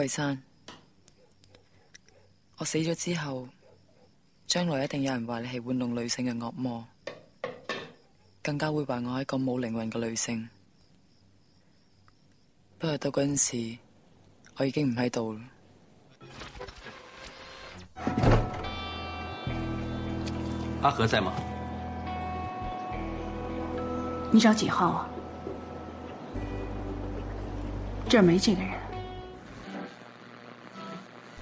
桂山，我死咗之後，將來一定有人話你係玩弄女性嘅惡魔，更加會話我係一個冇靈魂嘅女性。不過到嗰陣時，我已經唔喺度啦。阿和在嗎？你找幾號啊？這兒沒這個人。